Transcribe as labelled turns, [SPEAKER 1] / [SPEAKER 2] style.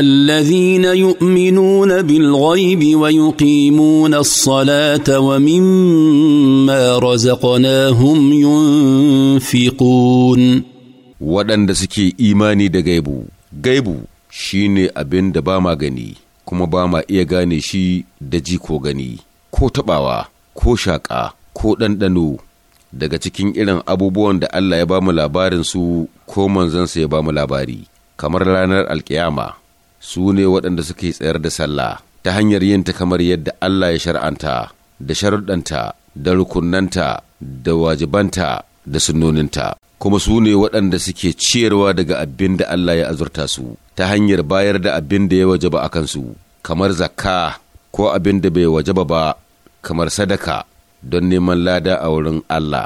[SPEAKER 1] الذين يؤمنون بالغيب ويقيمون الصلاه ومما رزقناهم ينفقون
[SPEAKER 2] waɗanda suke imani da gaibu gaibu shine abin da ba ma gani kuma ba ma iya gane shi da ji ko gani ko taɓawa ko shaƙa ko ɗanɗano daga cikin irin abubuwan da Allah ya ba mu labarin su ko manzansa ya ba mu labari kamar ranar alkiyama su ne waɗanda suke tsayar da sallah ta hanyar yin ta kamar yadda Allah ya shar'anta da sharuɗanta da rukunanta da wajibanta da sunnoninta kuma su ne waɗanda suke ciyarwa daga abin da Allah ya azurta su ta hanyar bayar da abin da ya wajaba a kansu kamar zakka ko abin da bai wajaba ba kamar sadaka don neman lada a wurin Allah